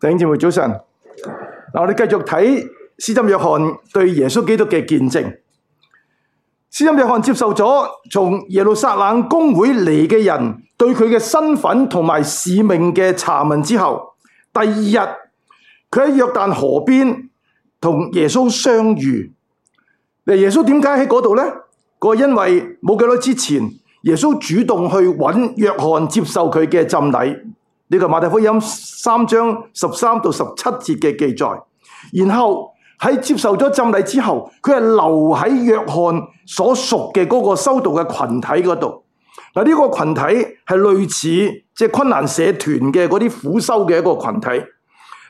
弟兄姊妹早晨，我哋繼續睇施浸約翰對耶穌基督嘅見證。施浸約翰接受咗從耶路撒冷公會嚟嘅人對佢嘅身份同埋使命嘅查問之後，第二日佢喺約旦河邊同耶穌相遇。耶穌點解喺嗰度咧？嗰個因為冇幾耐之前，耶穌主動去揾約翰接受佢嘅浸禮。呢個馬太福音三章十三到十七節嘅記載，然後喺接受咗浸禮之後，佢係留喺約翰所屬嘅嗰個修道嘅群體嗰度。嗱，呢個羣體係類似即係昆蘭社團嘅嗰啲苦修嘅一個群體。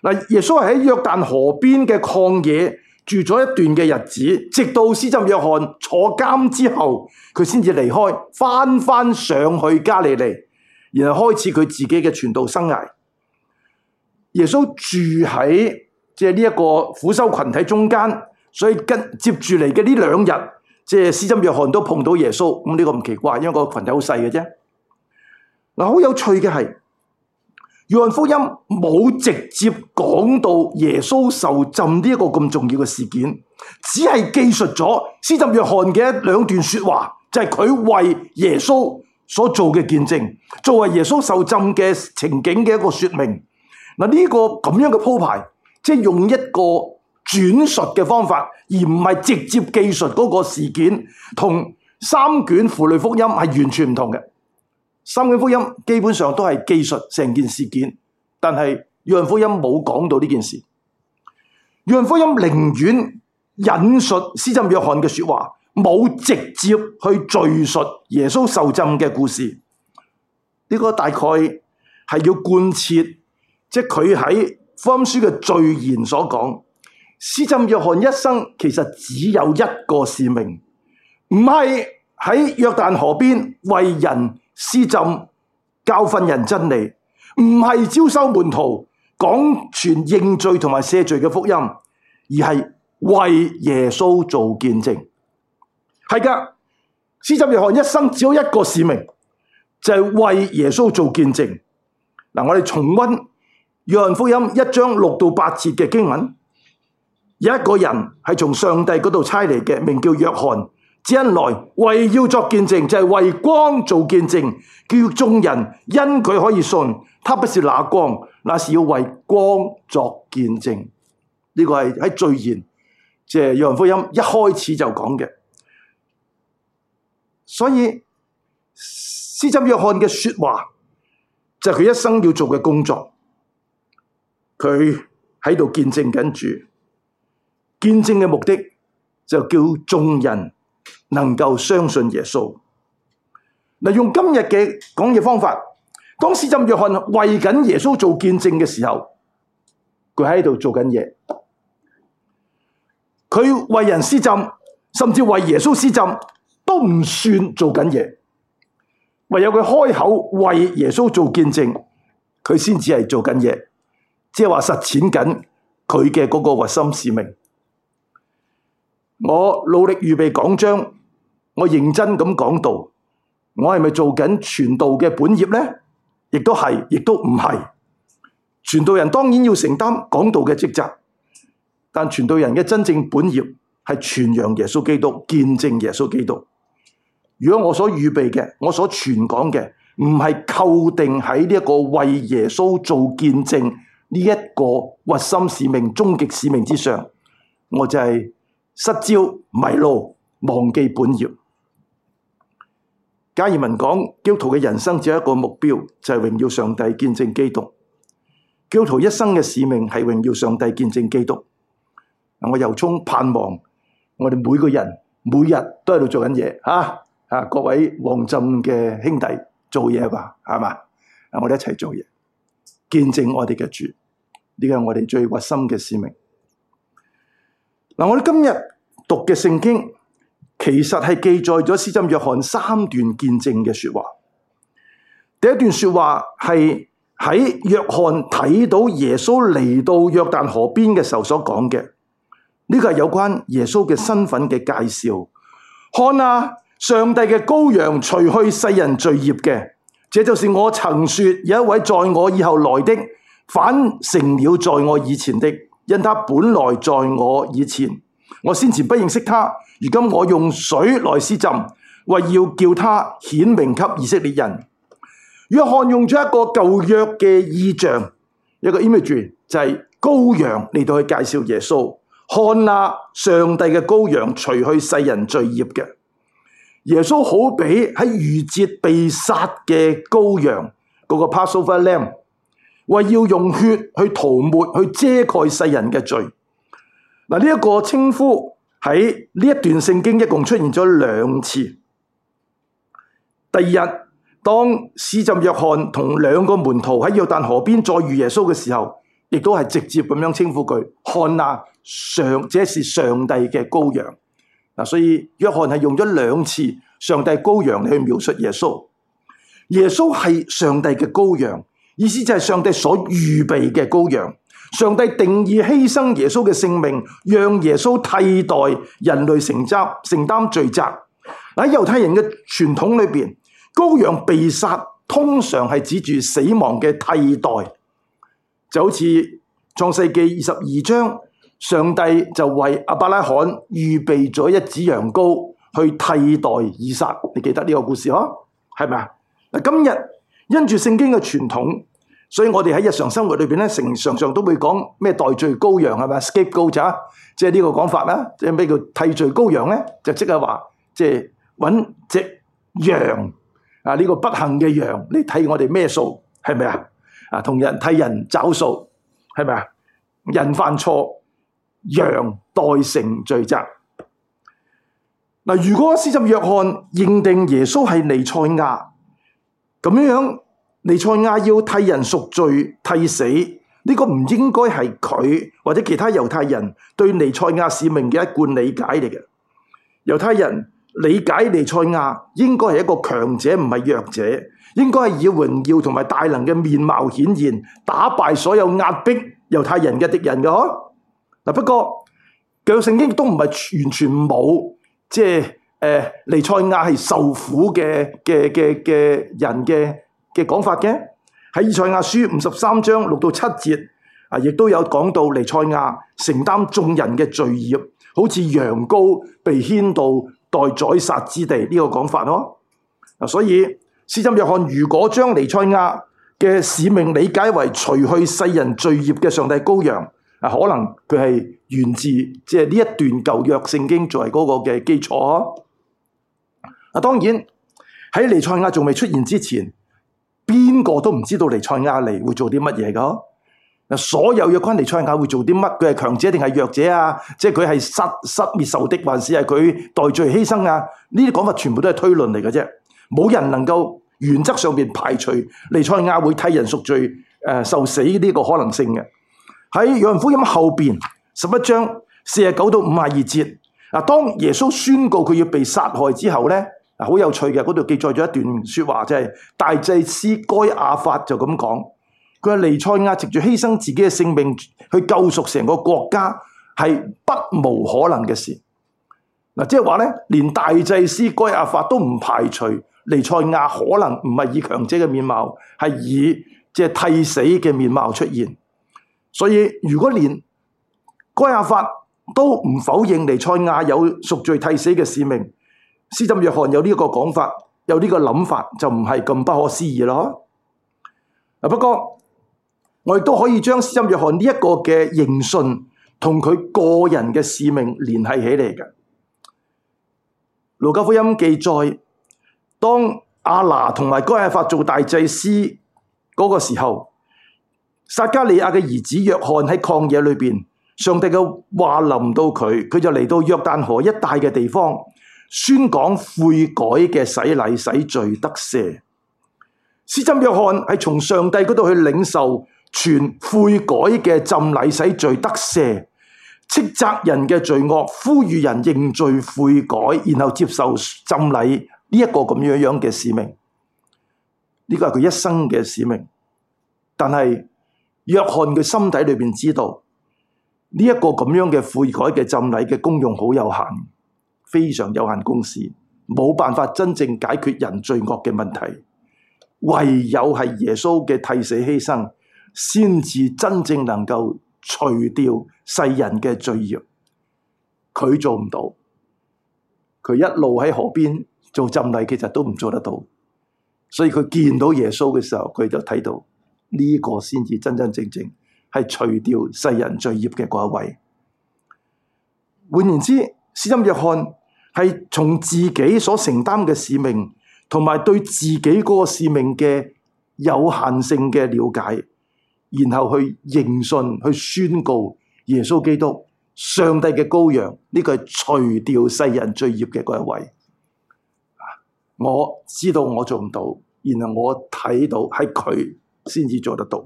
嗱，耶穌係喺約旦河邊嘅曠野住咗一段嘅日子，直到施浸約翰坐監之後，佢先至離開，返返上去加利利。然後開始佢自己嘅傳道生涯。耶穌住喺即係呢一個苦修群體中間，所以跟接住嚟嘅呢兩日，施浸約翰都碰到耶穌。咁、嗯、呢、這個唔奇怪，因為個群體好細嘅啫。好有趣嘅係，約翰福音冇直接講到耶穌受浸呢一個咁重要嘅事件，只係記述咗施浸約翰嘅一兩段說話，就係、是、佢為耶穌。所做嘅見證，作為耶穌受浸嘅情景嘅一個說明。嗱、這、呢個咁樣嘅鋪排，即係用一個轉述嘅方法，而唔係直接記述嗰個事件，同三卷符類福音係完全唔同嘅。三卷福音基本上都係記述成件事件，但係約翰福音冇講到呢件事。約翰福音寧願引述施浸約翰嘅說話。冇直接去敘述耶穌受浸嘅故事，呢、這個大概係要貫徹，即係佢喺福音書嘅序言所講，施浸約翰一生其實只有一個使命，唔係喺約旦河邊為人施浸，教訓人真理，唔係招收門徒，講傳認罪，同埋赦罪嘅福音，而係為耶穌做見證。係噶，施浸約翰一生只有一個使命，就係、是、為耶穌做見證。嗱，我哋重溫約翰福音一章六到八節嘅經文，有一個人係從上帝嗰度差嚟嘅，名叫約翰，只因來為要做見證，就係、是、為光做見證，叫眾人因佢可以信，他不是那光，那是要為光作見證。呢、這個係喺序言，即係約翰福音一開始就講嘅。所以施浸約翰嘅說話就係、是、佢一生要做嘅工作，佢喺度見證緊住，見證嘅目的就叫眾人能夠相信耶穌。用今日嘅講嘢方法，當施浸約翰為緊耶穌做見證嘅時候，佢喺度做緊嘢，佢為人施浸，甚至為耶穌施浸。都唔算做緊嘢，唯有佢開口為耶穌做見證，佢先至係做緊嘢，即係話實踐緊佢嘅嗰個核心使命。我努力預備講章，我認真咁講道，我係咪做緊傳道嘅本業呢？亦都係，亦都唔係。傳道人當然要承擔講道嘅職責，但傳道人嘅真正本業係傳揚耶穌基督，見證耶穌基督。如果我所預備嘅，我所傳講嘅，唔係扣定喺呢一個為耶穌做見證呢一個核心使命、終極使命之上，我就係失焦、迷路、忘記本業。加爾文講，基督徒嘅人生只有一個目標，就係榮耀上帝、見證基督。基督徒一生嘅使命係榮耀上帝、見證基督。我由衷盼望，我哋每個人每日都喺度做緊嘢啊！啊！各位旺浸嘅兄弟做嘢吧，係嘛、啊？我哋一齊做嘢，見證我哋嘅主，呢個係我哋最核心嘅使命。嗱、啊，我哋今日讀嘅聖經，其實係記載咗施浸約翰三段見證嘅說話。第一段說話係喺約翰睇到耶穌嚟到約旦河邊嘅時候所講嘅，呢、這個係有關耶穌嘅身份嘅介紹。看啊。上帝嘅羔羊除去世人罪孽嘅，這就是我曾說有一位在我以後來的，反成了在我以前的，因他本來在我以前，我先前不認識他，如今我用水來施浸，為要叫他顯明給以色列人。約翰用咗一個舊約嘅意象，一個 image 就係羔羊嚟到去介紹耶穌，看啊，上帝嘅羔羊除去世人罪孽嘅。耶穌好比喺逾越節被殺嘅羔羊，嗰、那個 Passover Lamb，為要用血去塗抹、去遮蓋世人嘅罪。嗱，呢一個稱呼喺呢一段聖經一共出現咗兩次。第二日當施浸約翰同兩個門徒喺約旦河邊再遇耶穌嘅時候，亦都係直接咁樣稱呼佢，看啊，上，這是上帝嘅羔羊。所以約翰係用咗兩次上帝羔羊去描述耶穌。耶穌係上帝嘅羔羊，意思就係上帝所預備嘅羔羊。上帝定意犧牲耶穌嘅性命，讓耶穌替代人類承擔承擔罪責。喺猶太人嘅傳統裏面，「羔羊」被殺通常係指住死亡嘅替代，就好似創世記二十二章。上帝就為阿伯拉罕預備咗一隻羊羔去替代以撒，你記得呢個故事嗬？係咪啊？今日因住聖經嘅傳統，所以我哋喺日常生活裏邊咧，常常都會講咩代罪羔羊係咪 scapegoat 即、啊、係呢個講法啦。即係咩叫替罪羔羊呢？就即係話，即係揾隻羊、嗯、啊，呢、這個不幸嘅羊嚟替我哋咩數？係咪啊？啊，同人替人找數，係咪啊？人犯錯。羊代承罪責。嗱，如果施浸約翰認定耶穌係尼賽亞，咁樣尼賽亞要替人贖罪、替死，呢、這個唔應該係佢或者其他猶太人對尼賽亞使命嘅一貫理解嚟嘅。猶太人理解尼賽亞應該係一個強者，唔係弱者，應該係以榮耀同埋大能嘅面貌顯現，打敗所有壓迫猶太人嘅敵人嘅。不過舊聖經都唔係完全冇，即係誒彌賽亞係受苦嘅人嘅嘅講法嘅，喺以賽亞書五十三章六到七節啊，亦都有講到彌賽亞承擔眾人嘅罪業，好似羊羔被牽到待宰殺之地呢、這個講法咯、啊。所以施浸約翰如果將彌賽亞嘅使命理解為除去世人罪業嘅上帝羔羊。啊，可能佢係源自即呢一段舊約聖經作為嗰個嘅基礎。啊，當然喺彌賽亞仲未出現之前，邊個都唔知道彌賽亞嚟會做啲乜嘢嘅。嗱，所有嘢關於彌賽亞會做啲乜，佢係強者定係弱者啊？即係佢係失失滅受敵，還是係佢代罪犧牲啊？呢啲講法全部都係推論嚟嘅啫，冇人能夠原則上面排除彌賽亞會替人贖罪、誒受死呢個可能性嘅。喺《約翰福音》後面，十一章四十九到五十二節，嗱，當耶穌宣告佢要被殺害之後呢，好有趣嘅，嗰度記載咗一段說話，就係、是、大祭司該亞法就咁講，佢話尼賽亞藉住犧牲自己嘅性命去救贖成個國家係不無可能嘅事。嗱，即係話咧，連大祭司該亞法都唔排除尼賽亞可能唔係以強者嘅面貌，係以即係替死嘅面貌出現。所以，如果連該亞法都唔否認彌賽亞有贖罪替死嘅使命，施浸約翰有呢一個講法，有呢個諗法，就唔係咁不可思議咯。不過我亦都可以將施浸約翰呢一個嘅認信同佢個人嘅使命聯繫起嚟嘅。路加福音記載，當阿拿同埋該亞法做大祭司嗰個時候。撒加利亞嘅兒子約翰喺曠野裏邊，上帝嘅話臨到佢，佢就嚟到約旦河一帶嘅地方，宣講悔改嘅洗禮，洗罪得赦。施浸約翰係從上帝嗰度去領受全悔改嘅浸禮，洗罪得赦，斥責人嘅罪惡，呼籲人認罪悔改，然後接受浸禮呢一個咁樣樣嘅使命。呢、這個係佢一生嘅使命，但係，約翰嘅心底裏面知道呢一個咁樣嘅悔改嘅浸禮嘅功用好有限，非常有限。公司冇辦法真正解決人罪惡嘅問題，唯有係耶穌嘅替死犧牲，先至真正能夠除掉世人嘅罪惡。佢做唔到，佢一路喺河邊做浸禮，其實都唔做得到。所以佢見到耶穌嘅時候，佢就睇到。呢個先至真真正正係除掉世人罪孽嘅嗰一位。換言之，施浸約翰係從自己所承擔嘅使命，同埋對自己嗰個使命嘅有限性嘅了解，然後去認信、去宣告耶穌基督、上帝嘅羔羊，呢、這個係除掉世人罪孽嘅嗰一位。我知道我做唔到，然後我睇到係佢。先至做得到，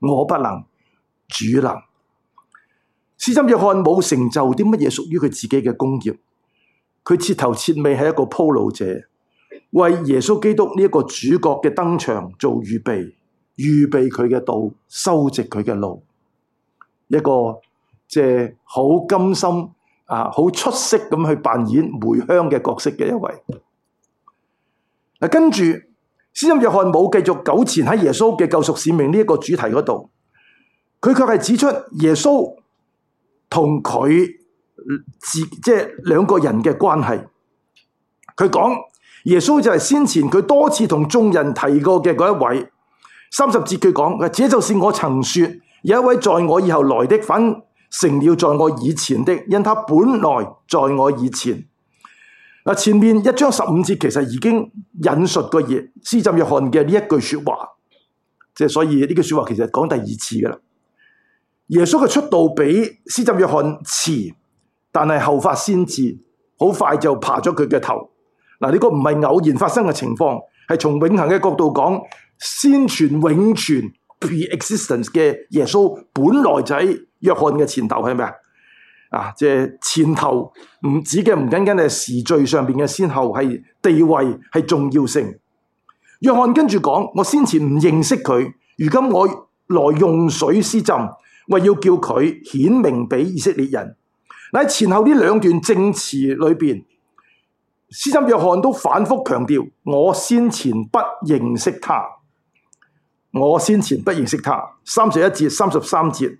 我不能，主能。施浸約翰冇成就啲乜嘢屬於佢自己嘅功業，佢徹頭徹尾係一個鋪路者，為耶穌基督呢一個主角嘅登場做預備，預備佢嘅道，修直佢嘅路，一個即係好甘心啊，好出色咁去扮演梅香嘅角色嘅一位。嗱，跟住。先知約翰冇繼續糾纏喺耶穌嘅救贖使命呢一個主題嗰度，佢卻係指出耶穌同佢自己即係兩個人嘅關係。佢講耶穌就係先前佢多次同眾人提過嘅嗰一位。三十節佢講，這就是我曾說有一位在我以後來的，反成了在我以前的，因他本來在我以前。嗱，前面一章十五節其實已經引述過耶施浸約翰嘅呢一句說話，所以呢句說話其實講第二次噶啦。耶穌嘅出道比施浸約翰遲，但係後發先至，好快就爬咗佢嘅頭。嗱，呢個唔係偶然發生嘅情況，係從永恒嘅角度講，先存永存 preexistence 嘅耶穌本來就喺約翰嘅前頭，係咪啊？啊！即係前頭唔止嘅，唔僅僅係時序上面嘅先後，係地位，係重要性。約翰跟住講：我先前唔認識佢，如今我來用水施浸，為要叫佢顯明俾以色列人。喺前後呢兩段證詞裏面，施浸約翰都反復強調：我先前不認識他，我先前不認識他。三十一節、三十三節。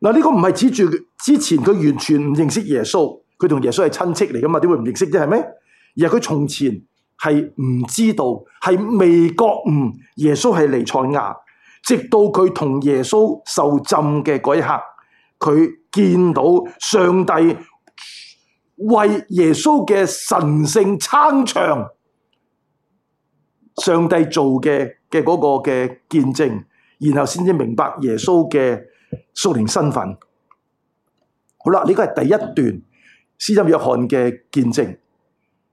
嗱，呢個唔係指住之前佢完全唔認識耶穌，佢同耶穌係親戚嚟㗎嘛，點會唔認識啫？係咩？而係佢從前係唔知道，係未覺悟耶穌係彌賽亞，直到佢同耶穌受浸嘅嗰一刻，佢見到上帝為耶穌嘅神聖撐場，上帝做嘅嘅嗰個嘅見證，然後先至明白耶穌嘅屬靈身份，好啦，呢個係第一段，施浸約翰嘅見證。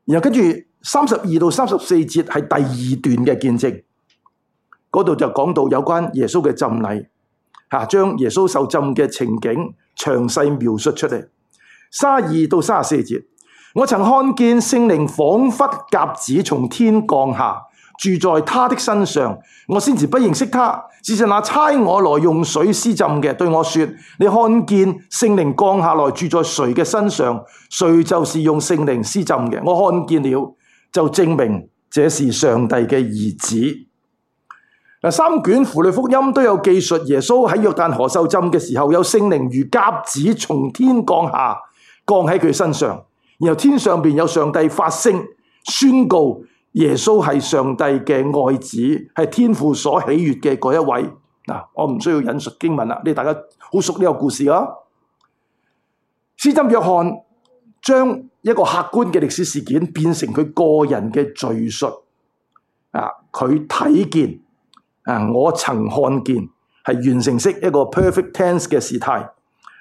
然後跟住三十二到三十四節係第二段嘅見證，嗰度就講到有關耶穌嘅浸禮，吓、啊、將耶穌受浸嘅情景詳細描述出嚟。三十二到三十四節，我曾看見聖靈仿佛鴿子從天降下。住在他的身上，我先前不認識他，只是那差我來用水施浸嘅對我說：你看見聖靈降下來住在誰嘅身上，誰就是用聖靈施浸嘅。我看見了，就證明這是上帝嘅兒子。三卷符類福音都有記述耶穌喺約旦河受浸嘅時候，有聖靈如鴿子從天降下，降喺佢身上，然後天上邊有上帝發聲宣告。耶穌係上帝嘅愛子，係天父所喜悦嘅嗰一位。我唔需要引述經文啦，呢大家好熟呢個故事啊。施浸約翰將一個客觀嘅歷史事件變成佢個人嘅敘述。啊，佢睇見啊，我曾看見係完成式一個 perfect tense 嘅事態。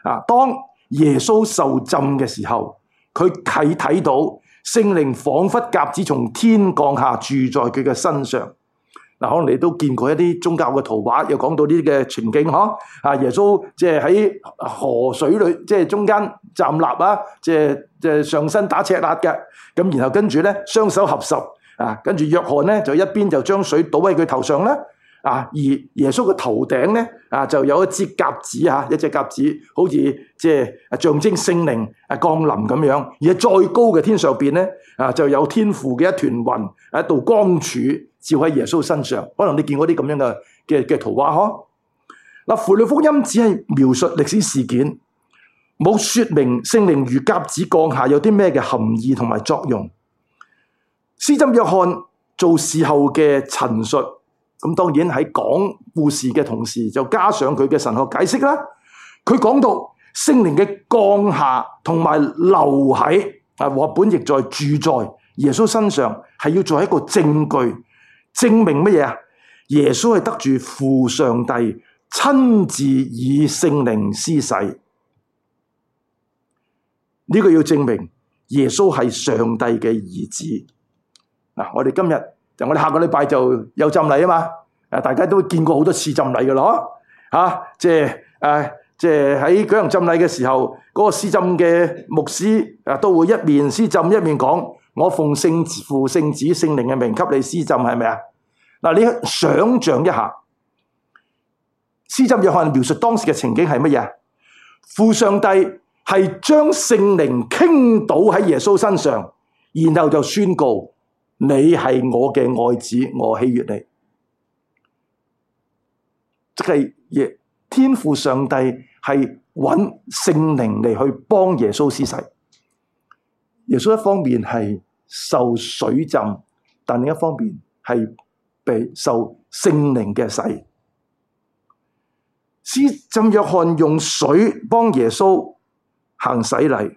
啊，當耶穌受浸嘅時候，佢啟睇到。聖靈彷彿鴿子從天降下，住在佢嘅身上。可能你都見過一啲宗教嘅圖畫，又講到呢啲嘅情景，哈，啊！耶穌即係喺河水裏，即係中間站立啊，即係上身打赤肋嘅。咁然後跟住咧，雙手合十啊，跟住約翰呢，就一邊就將水倒喺佢頭上啦。啊！而耶穌嘅頭頂呢，啊就有一隻鴿子嚇、啊，一隻鴿子，好似即係象徵聖靈降臨咁樣。而再高嘅天上邊呢，啊就有天父嘅一團雲，一道光柱照喺耶穌身上。可能你見過啲咁樣嘅嘅嘅圖畫呵？嗱、啊，符類福音只係描述歷史事件，冇説明聖靈如鴿子降下有啲咩嘅含義同埋作用。施浸約翰做事後嘅陳述。咁當然喺講故事嘅同時，就加上佢嘅神學解釋啦。佢講到聖靈嘅降下同埋留喺啊，本亦在住在耶穌身上，係要做一個證據，證明乜嘢？耶穌係得住父上帝親自以聖靈施洗。呢、這個要證明耶穌係上帝嘅兒子。嗱，我哋今日。我哋下個禮拜就有浸禮啊嘛，大家都會見過好多次浸禮嘅咯，啊即係誒即係喺舉行浸禮嘅時候，嗰個施浸嘅牧師啊都會一面施浸一面講，我奉聖父聖子聖靈嘅名，給你施浸係咪啊？嗱，你想象一下，施浸約翰描述當時嘅情景係乜嘢？父上帝係將聖靈傾倒喺耶穌身上，然後就宣告。你係我嘅愛子，我喜悅你。即係耶天父上帝係搵聖靈嚟去幫耶穌施洗。耶穌一方面係受水浸，但另一方面係被受聖靈嘅洗。施浸約翰用水幫耶穌行洗禮。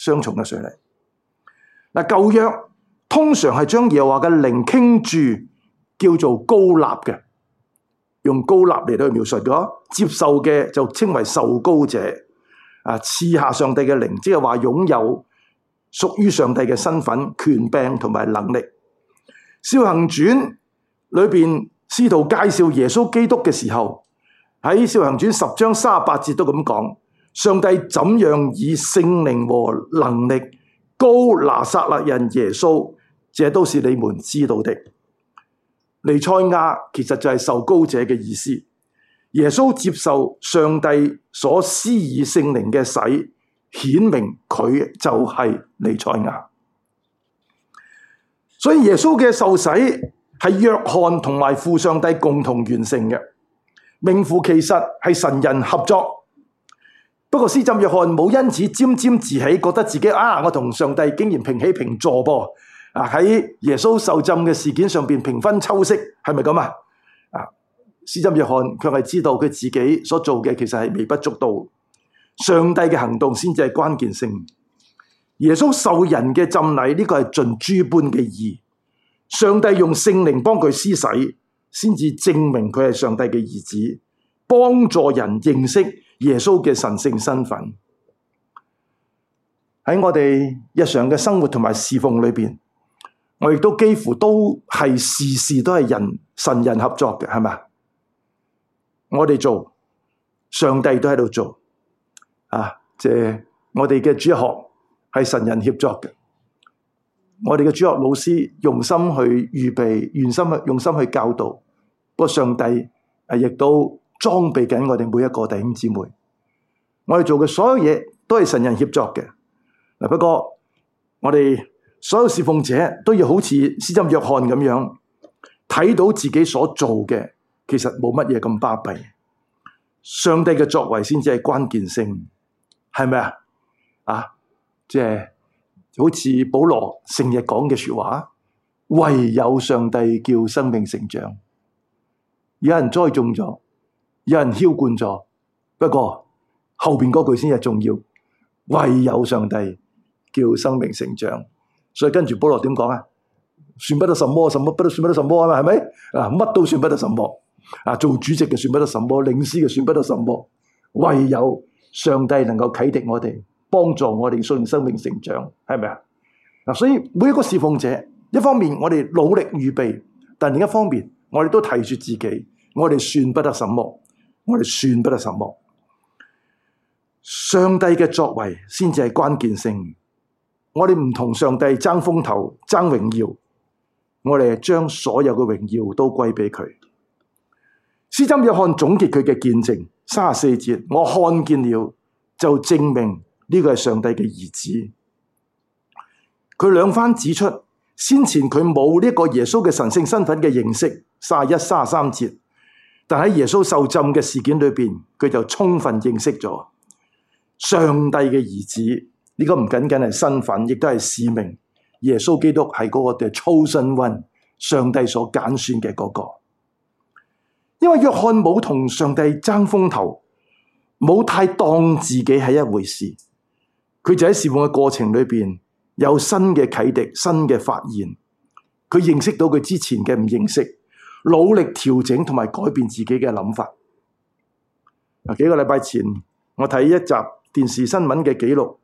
雙重嘅水力嗱，舊約通常係將耶和華嘅靈傾注，叫做膏立嘅，用膏立嚟到去描述嘅。接受嘅就稱為受膏者，啊，賜下上帝嘅靈，即係話擁有屬於上帝嘅身份、權柄同埋能力。《使徒行傳》裏面，使徒介紹耶穌基督嘅時候，喺《使徒行傳》十章三十八節都咁講。上帝怎樣以聖靈和能力膏拿撒勒人耶穌，這都是你們知道的。彌賽亞其實就係受膏者嘅意思。耶穌接受上帝所施以聖靈嘅洗，顯明佢就係彌賽亞。所以耶穌嘅受洗係約翰同埋父上帝共同完成嘅，名副其實係神人合作。不過施浸約翰冇因此沾沾自喜，覺得自己啊，我同上帝竟然平起平坐噃？喺耶穌受浸嘅事件上邊平分秋色，係咪咁啊？啊，施浸約翰卻係知道佢自己所做嘅其實係微不足道，上帝嘅行動先至係關鍵性。耶穌受人嘅浸禮呢，這個係盡諸般嘅義，上帝用聖靈幫佢施洗，先至證明佢係上帝嘅兒子，幫助人認識。耶穌嘅神聖身份喺我哋日常嘅生活同埋侍奉裏面，我亦都幾乎都係事事都係人神人合作嘅，係咪？我哋做，上帝都喺度做啊！即、就是、我哋嘅主學係神人協作嘅，我哋嘅主學老師用心去預備，用心去用心去教導，不過上帝啊亦都，裝備緊我哋每一個弟兄姊妹，我哋做嘅所有嘢都係神人協助嘅。不過我哋所有侍奉者都要好似施浸約翰咁樣，睇到自己所做嘅，其實冇乜嘢咁巴閉，上帝嘅作為先至係關鍵性，係咪啊？啊，即係好似保羅成日講嘅說話，唯有上帝叫生命成長，有人栽種咗。有人澆灌咗，不過後面嗰句先係重要。唯有上帝叫生命成長，所以跟住保羅點講啊？算不得什麼，什麼不，得算不得什麼什麼都算不得什麼啊？嘛係咪？乜都算不得什麼啊？做主席嘅算不得什麼，領詩嘅算不得什麼。唯有上帝能夠啟迪我哋，幫助我哋信生命成長，係咪啊？所以每一個侍奉者，一方面我哋努力預備，但另一方面我哋都提說自己，我哋算不得什麼。我哋算不得什麼，上帝嘅作為先至係關鍵性。我哋唔同上帝爭風頭、爭榮耀，我哋將所有嘅榮耀都歸俾佢。施浸約翰總結佢嘅見證，三十四節，我看見了，就證明呢個係上帝嘅兒子。佢兩番指出先前佢冇呢個耶穌嘅神聖身份嘅認識，三十一、三十三節。但喺耶穌受浸嘅事件裏面，佢就充分認識咗上帝嘅兒子。呢、這個唔僅僅係身份，亦都係使命。耶穌基督係嗰個 the chosen one，上帝所揀選嘅嗰個。因為約翰冇同上帝爭風頭，冇太當自己係一回事。佢就喺事奉嘅過程裏面，有新嘅啟迪、新嘅發現。佢認識到佢之前嘅唔認識。努力調整同埋改變自己嘅諗法。啊，幾個禮拜前我睇一集電視新聞嘅記錄，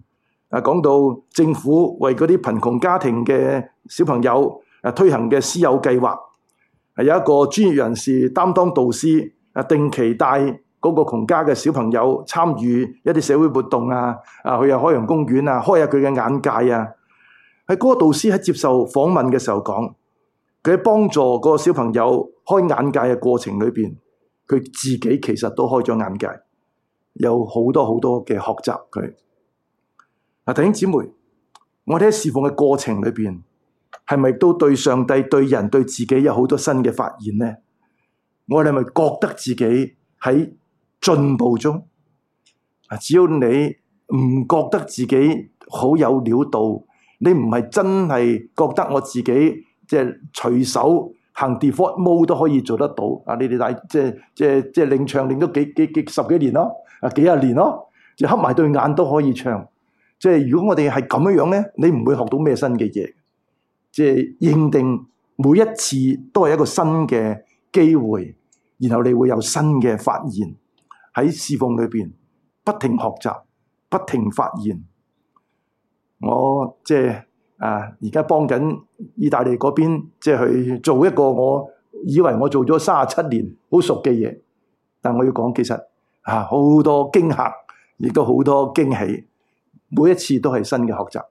啊講到政府為嗰啲貧窮家庭嘅小朋友啊推行嘅私有計劃。啊，有一個專業人士擔當導師，啊定期帶嗰個窮家嘅小朋友參與一啲社會活動啊，啊去下海洋公園啊，開下佢嘅眼界啊。喺嗰個導師喺接受訪問嘅時候講。佢喺幫助個小朋友開眼界嘅過程裏面，佢自己其實都開咗眼界，有好多好多嘅學習。佢、啊、嗱弟兄姐妹，我哋喺侍奉嘅過程裏面，係咪都對上帝、對人、對自己有好多新嘅發現呢？我哋係咪覺得自己喺進步中？啊、只要你唔覺得自己好有料到，你唔係真係覺得我自己。即係隨手行 default mode 都可以做得到。啊，你哋大即係即係即係領唱領咗幾幾幾十幾年咯，啊幾十年咯，就合埋對眼都可以唱。即係如果我哋係咁樣樣咧，你唔會學到咩新嘅嘢。即係認定每一次都係一個新嘅機會，然後你會有新嘅發現喺侍奉裏邊，不停學習，不停發現。我即係。啊！而家幫緊意大利嗰邊，即係去做一個我以為我做咗三十七年好熟嘅嘢，但我要講其實啊，好多驚嚇，亦都好多驚喜，每一次都係新嘅學習，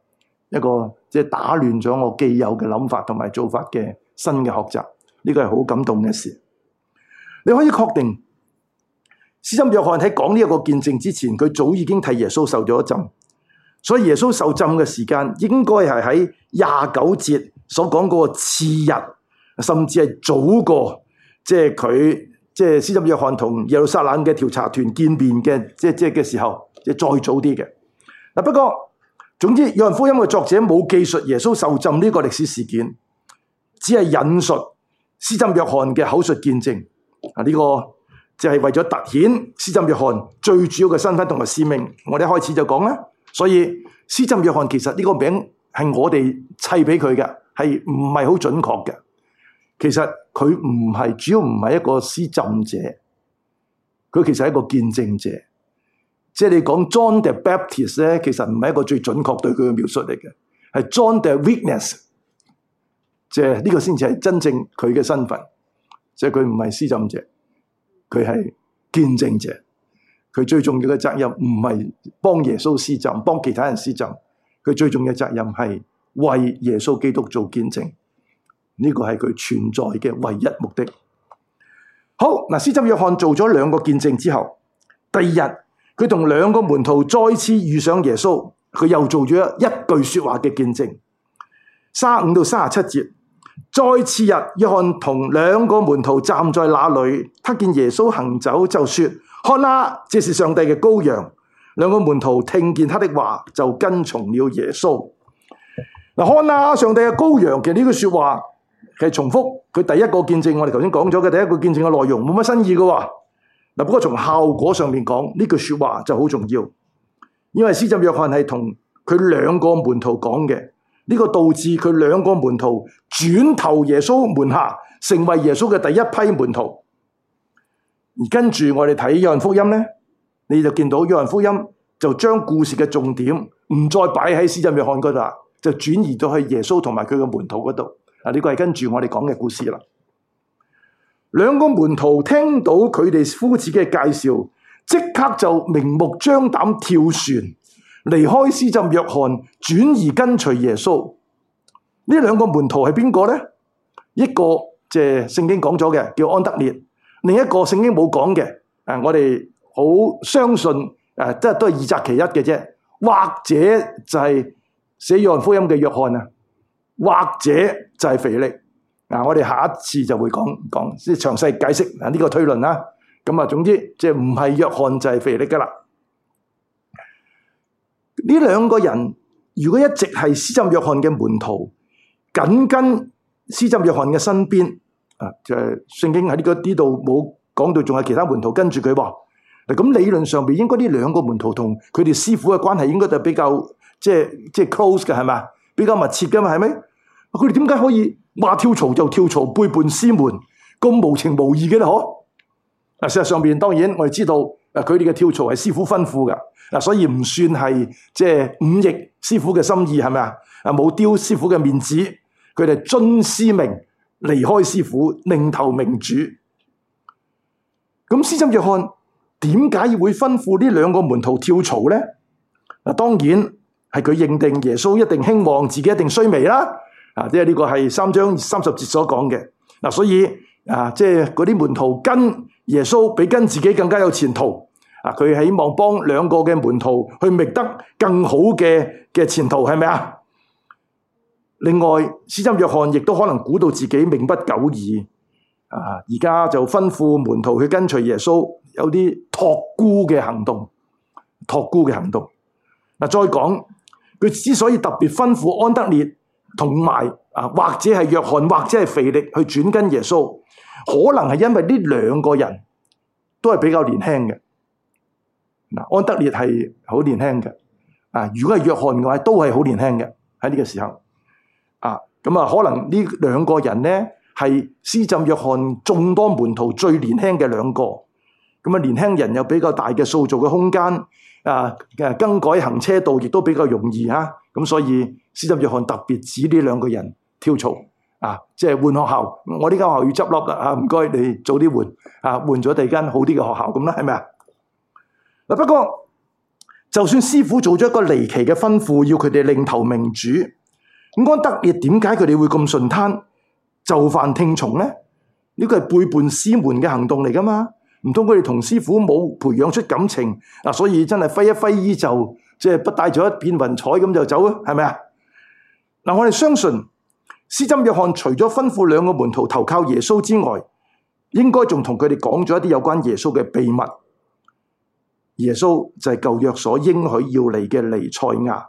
一個即係打亂咗我既有嘅諗法同埋做法嘅新嘅學習，呢個係好感動嘅事。你可以確定，施浸約翰喺講呢一個見證之前，佢早已經替耶穌受咗一浸。所以耶穌受浸嘅時間應該係喺廿九節所講嗰個次日，甚至係早過即係佢即係施浸約翰同耶路撒冷嘅調查團見面嘅即即嘅時候，即、就係、再早啲嘅。不過總之，約翰福音嘅作者冇記述耶穌受浸呢個歷史事件，只係引述施浸約翰嘅口述見證。啊，呢個就係為咗突顯施浸約翰最主要嘅身份同埋使命。我哋一開始就講啦。所以施浸約翰其實呢個名係我哋砌俾佢嘅，係唔係好準確嘅。其實佢唔係，主要唔係一個施浸者，佢其實係一個見證者。即係你講 John the Baptist 咧，其實唔係一個最準確對佢嘅描述嚟嘅，係 John the witness，即係呢個先至係真正佢嘅身份。即係佢唔係施浸者，佢係見證者。佢最重要嘅責任唔係幫耶穌施浸，幫其他人施浸。佢最重要嘅責任係為耶穌基督做見證，呢、這個係佢存在嘅唯一目的。好，那施浸約翰做咗兩個見證之後，第二日佢同兩個門徒再次遇上耶穌，佢又做咗一句說話嘅見證。三十五到三十七節，再次日約翰同兩個門徒站在那裡，他見耶穌行走，就說。看啦，這是上帝嘅羔羊。兩個門徒聽見他的話，就跟從了耶穌。嗱，看啦，上帝嘅羔羊的這。其實呢句說話係重複佢第一個見證，我哋頭先講咗嘅第一個見證嘅內容，冇乜新意嘅。嗱，不過從效果上面講，呢句說話就好重要，因為施浸約翰係同佢兩個門徒講嘅，呢、這個導致佢兩個門徒轉投耶穌門下，成為耶穌嘅第一批門徒。而跟住我哋睇約翰福音呢，你就見到約翰福音就將故事嘅重點唔再擺喺施浸約翰嗰度，就轉移到去耶穌同埋佢嘅門徒嗰度。嗱，呢個係跟住我哋講嘅故事啦。兩個門徒聽到佢哋夫子嘅介紹，即刻就明目張膽跳船離開施浸約翰，轉而跟隨耶穌。呢兩個門徒係邊個咧？一個即係聖經講咗嘅，叫安德烈。另一個聖經冇講嘅，我哋好相信，誒、呃，都係都係二擇其一嘅啫。或者就係、是、寫約翰福音嘅約翰啊，或者就係腓力。啊、我哋下一次就會講講，即係詳細解釋啊呢、這個推論啦。咁啊，總之即係唔係約翰就係腓力噶啦。呢兩個人如果一直係施浸約翰嘅門徒，緊跟施浸約翰嘅身邊。啊！就係聖經喺呢個呢度冇講到，仲有其他門徒跟住佢喎。咁理論上面應該呢兩個門徒同佢哋師傅嘅關係，應該就比較即係 close 嘅，係嘛？比較密切嘅嘛，係咪？佢哋點解可以話跳槽就跳槽，背叛師門咁無情無義嘅呢？嗬？事實上面當然我哋知道，嗱佢哋嘅跳槽係師傅吩咐噶，所以唔算係即係忤逆師傅嘅心意，係咪啊？啊冇丟師傅嘅面子，佢哋遵師命。離開師傅，另投明主，咁施浸約翰點解會吩咐呢兩個門徒跳槽呢？嗱，當然係佢認定耶穌一定興旺，自己一定衰微啦。啊，即、這、呢個係三章三十節所講嘅、啊。所以啊，即係嗰啲門徒跟耶穌比跟自己更加有前途。啊，佢希望幫兩個嘅門徒去覓得更好嘅前途，係咪啊？另外，施浸約翰亦都可能估到自己命不久矣，啊！而家就吩咐門徒去跟隨耶穌，有啲託孤嘅行動，託孤嘅行動。啊、再講佢之所以特別吩咐安德烈同埋、啊、或者係約翰，或者係腓力去轉跟耶穌，可能係因為呢兩個人都係比較年輕嘅、啊。安德烈係好年輕嘅，啊，如果係約翰嘅話，都係好年輕嘅喺呢個時候。啊，咁啊，可能呢兩個人呢係施浸約翰眾多門徒最年輕嘅兩個，咁啊，年輕人有比較大嘅塑造嘅空間啊，啊，更改行車道亦都比較容易啊，咁所以施浸約翰特別指呢兩個人跳槽，啊，即係換學校，我呢間學校要執笠啦，啊，唔該你早啲換，啊，換咗第二間好啲嘅學校咁啦，係咪啊？不過就算師傅做咗一個離奇嘅吩咐，要佢哋另投明主。咁安德烈點解佢哋會咁順攤就範聽從呢？呢個係背叛師門嘅行動嚟㗎嘛？唔通佢哋同師傅冇培養出感情嗱，所以真係揮一揮衣袖，即係不帶走一片雲彩咁就走啊？係咪啊？嗱、嗯，我哋相信施浸約翰除咗吩咐兩個門徒投靠耶穌之外，應該仲同佢哋講咗一啲有關耶穌嘅秘密。耶穌就係舊約所應許要嚟嘅彌賽亞。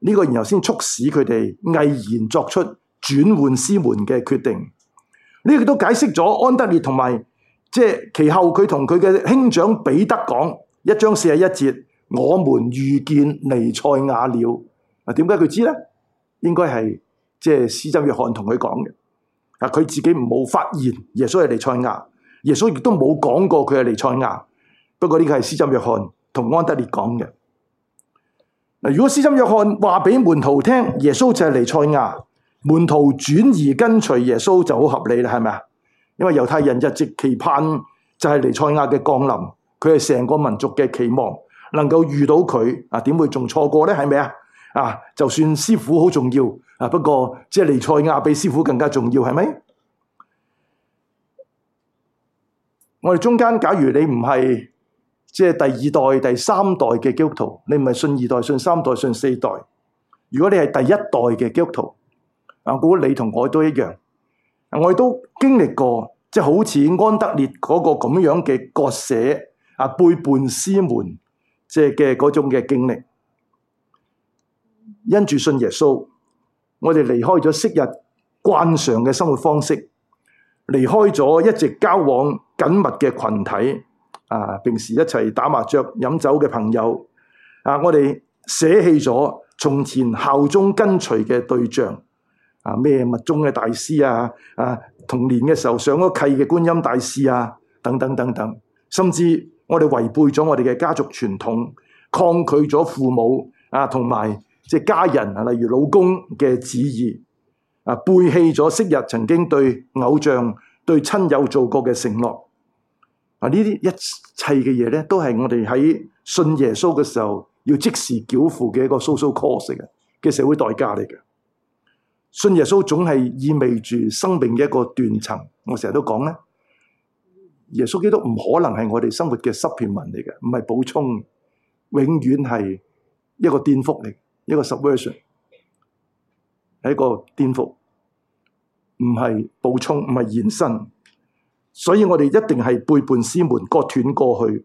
呢個然後先促使佢哋毅然作出轉換師門嘅決定。呢、這個都解釋咗安德烈同埋即係其後佢同佢嘅兄長彼得講一章四十一節，我們遇見彌賽亞了。啊，點解佢知咧？應該係即係施浸約翰同佢講嘅。啊，佢自己唔冇發現耶穌係彌賽亞，耶穌亦都冇講過佢係彌賽亞。不過呢個係施浸約翰同安德烈講嘅。如果施浸約翰話俾門徒聽，耶穌就係彌賽亞，門徒轉而跟隨耶穌就好合理啦，係咪啊？因為猶太人一直期盼就係彌賽亞嘅降臨，佢係成個民族嘅期望，能夠遇到佢啊，點會仲錯過呢？係咪啊？啊，就算師傅好重要啊，不過即係彌賽亞比師傅更加重要，係咪？我哋中間假如你唔係。即係第二代、第三代嘅基督徒，你唔係信二代、信三代、信四代。如果你係第一代嘅基督徒，我估你同我都一樣，我哋都經歷過，即係好似安德烈嗰個咁樣嘅割捨啊，背叛師門，即係嘅嗰種嘅經歷。因住信耶穌，我哋離開咗昔日慣常嘅生活方式，離開咗一直交往緊密嘅群體。啊！平時一齊打麻雀、飲酒嘅朋友啊，我哋捨棄咗從前效忠跟隨嘅對象啊，咩密宗嘅大師啊啊，童年嘅時候上咗契嘅觀音大師啊，等等等等，甚至我哋違背咗我哋嘅家族傳統，抗拒咗父母啊同埋家人啊，例如老公嘅旨意啊，背棄咗昔日曾經對偶像、對親友做過嘅承諾。呢啲一切嘅嘢咧，都係我哋喺信耶穌嘅時候要即時繳付嘅一個 social cost 嚟嘅，嘅社會代價嚟嘅。信耶穌總係意味住生命嘅一個斷層。我成日都講咧，耶穌基督唔可能係我哋生活嘅 supplement 嚟嘅，唔係補充，永遠係一個顛覆嚟，一個 subversion，係一個顛覆，唔係補充，唔係延伸。所以我哋一定係背叛師門，割斷過去，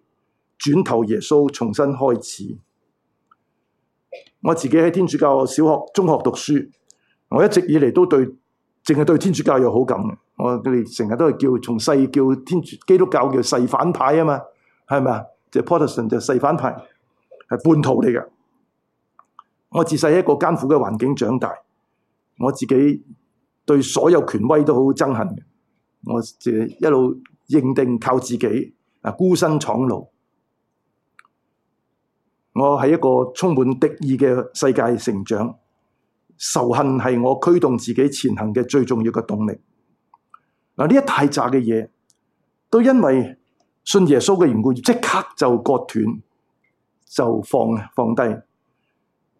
轉投耶穌，重新開始。我自己喺天主教小學、中學讀書，我一直以嚟都對，淨係對天主教有好感嘅。我哋成日都係叫，從細叫天主基督教叫細反派啊嘛，係咪啊？就 Porterson、是、就細反派，係叛徒嚟嘅。我自細喺一個艱苦嘅環境長大，我自己對所有權威都好憎恨嘅。我就一路認定靠自己，嗱，孤身闖路。我喺一個充滿敵意嘅世界成長，仇恨係我驅動自己前行嘅最重要嘅動力。嗱，呢一大扎嘅嘢，都因為信耶穌嘅緣故，即刻就割斷，就放放低。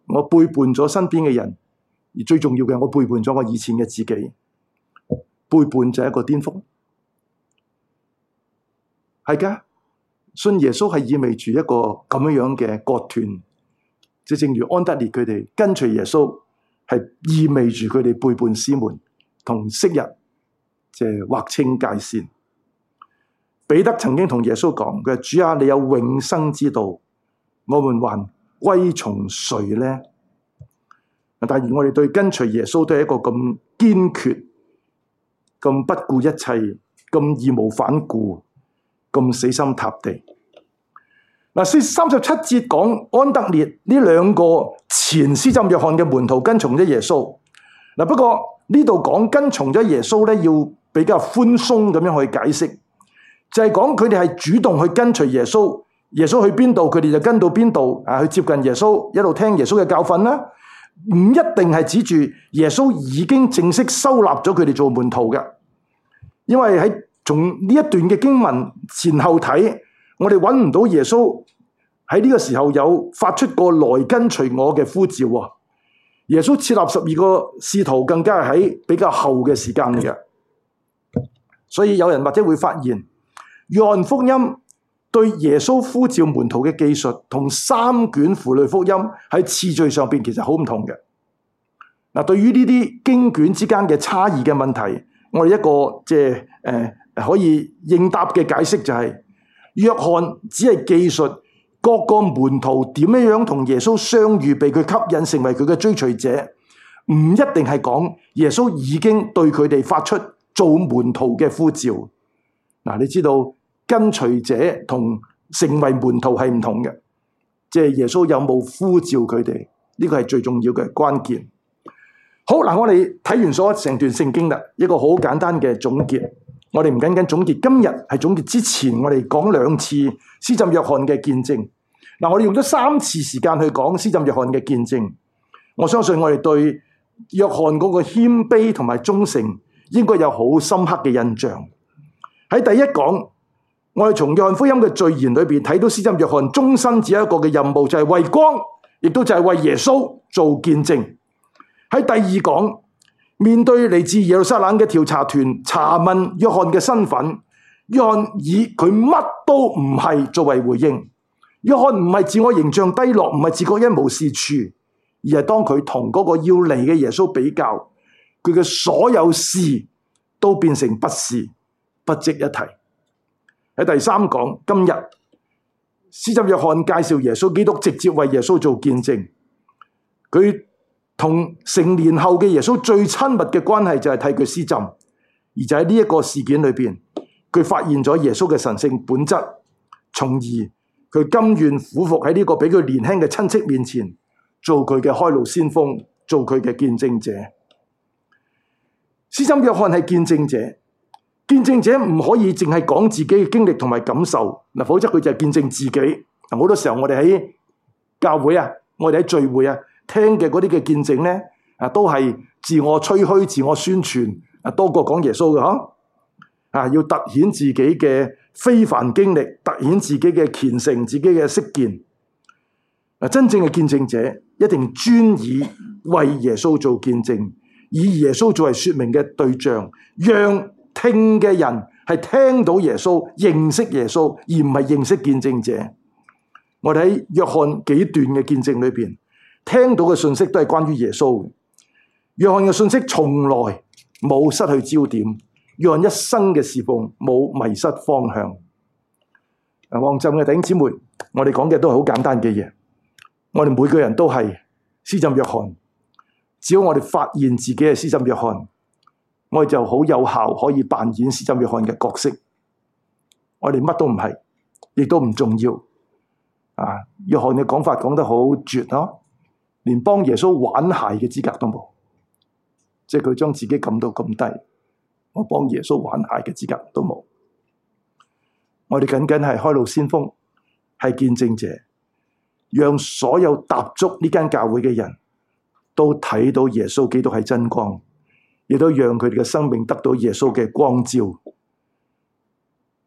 我背叛咗身邊嘅人，而最重要嘅，我背叛咗我以前嘅自己。背叛就係一個顛覆，係嘅。信耶穌係意味住一個咁樣樣嘅割斷，即係正如安德烈佢哋跟隨耶穌，係意味住佢哋背叛師門同昔日，即係劃清界線。彼得曾經同耶穌講嘅：主啊，你有永生之道，我們還歸從誰呢？但係我哋對跟隨耶穌都係一個咁堅決，咁不顧一切，咁義無反顧，咁死心塌地。嗱，三十七節講安德烈呢兩個前施浸約翰嘅門徒跟從咗耶穌。嗱，不過呢度講跟從咗耶穌咧，要比較寬鬆咁樣去解釋，就係講佢哋係主動去跟隨耶穌，耶穌去邊度，佢哋就跟到邊度啊，去接近耶穌，一路聽耶穌嘅教訓啦。唔一定係指住耶穌已經正式收納咗佢哋做門徒嘅，因為喺從呢一段嘅經文前後睇，我哋揾唔到耶穌喺呢個時候有發出過來跟隨我嘅呼召。耶穌設立十二個使徒，更加係喺比較後嘅時間嘅，所以有人或者會發現，約翰福音。對耶穌呼召門徒嘅記述，同三卷符類福音喺次序上面其實好唔同嘅。嗱、啊，對於呢啲經卷之間嘅差異嘅問題，我哋一個即係、呃、可以應答嘅解釋就係、是，約翰只係記述各個門徒點樣樣同耶穌相遇，被佢吸引成為佢嘅追隨者，唔一定係講耶穌已經對佢哋發出做門徒嘅呼召。嗱、啊，你知道？跟隨者同成為門徒係唔同嘅，即係耶穌有冇呼召佢哋呢個係最重要嘅關鍵。好嗱，我哋睇完所有成段聖經啦，一個好簡單嘅總結。我哋唔僅僅總結今日係總結之前，我哋講兩次施浸約翰嘅見證。嗱，我哋用咗三次時間去講施浸約翰嘅見證。我相信我哋對約翰嗰個謙卑同埋忠誠應該有好深刻嘅印象。喺第一講。我哋從約翰福音嘅序言裏面睇到，施浸約翰終身只有一個嘅任務，就係為光，亦都就係為耶穌做見證。喺第二講，面對嚟自耶路撒冷嘅調查團查問約翰嘅身份，約翰以佢乜都唔係作為回應。約翰唔係自我形象低落，唔係自己一無是處，而係當佢同嗰個要嚟嘅耶穌比較，佢嘅所有事都變成不是，不值一提。喺第三講，今日施浸約翰介紹耶穌基督，直接為耶穌做見證。佢同成年後嘅耶穌最親密嘅關係就係替佢施浸，而就喺呢一個事件裏面，佢發現咗耶穌嘅神聖本質，從而佢甘願俯伏喺呢個比佢年輕嘅親戚面前，做佢嘅開路先鋒，做佢嘅見證者。施浸約翰係見證者。見證者唔可以淨係講自己嘅經歷同埋感受，否則佢就係見證自己。好多時候我哋喺教會啊，我哋喺聚會啊，聽嘅嗰啲嘅見證呢，啊，都係自我吹噓、自我宣傳，啊，多過講耶穌嘅嗬、啊。啊，要凸顯自己嘅非凡經歷，凸顯自己嘅虔誠、自己嘅識見。嗱、啊，真正嘅見證者一定專以為耶穌做見證，以耶穌作為說明嘅對象，讓。聽嘅人係聽到耶穌，認識耶穌，而唔係認識見證者。我哋喺約翰幾段嘅見證裏面，聽到嘅信息都係關於耶穌嘅。約翰嘅信息從來冇失去焦點，約翰一生嘅侍奉冇迷失方向。旺浸嘅弟兄姊妹，我哋講嘅都係好簡單嘅嘢。我哋每個人都係施浸約翰，只要我哋發現自己係施浸約翰。我哋就好有效可以扮演施浸約翰嘅角色，我哋乜都唔係，亦都唔重要。啊，約翰嘅講法講得好絕咯，啊，連幫耶穌玩鞋嘅資格都冇，即係佢將自己㩒到咁低，我幫耶穌玩鞋嘅資格都冇。我哋僅僅係開路先鋒，係見證者，讓所有踏足呢間教會嘅人都睇到耶穌基督係真光。亦都讓佢哋嘅生命得到耶穌嘅光照，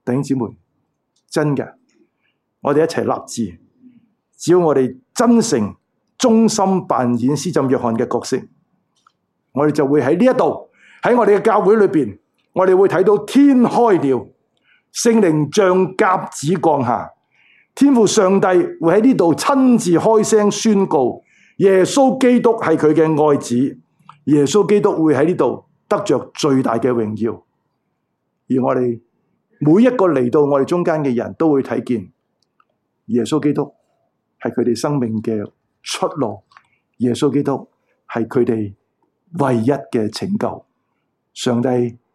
弟兄姊妹，真嘅，我哋一齊立志，只要我哋真誠、忠心扮演施浸約翰嘅角色，我哋就會喺呢一度喺我哋嘅教會裏面，我哋會睇到天開了，聖靈像鴿子降下，天父上帝會喺呢度親自開聲宣告，耶穌基督係佢嘅愛子。耶穌基督會喺呢度得着最大嘅榮耀，而我哋每一個嚟到我哋中間嘅人都會睇見耶穌基督係佢哋生命嘅出路，耶穌基督係佢哋唯一嘅拯救。上帝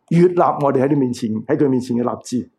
悅納我哋喺佢面前，喺佢面前嘅立志。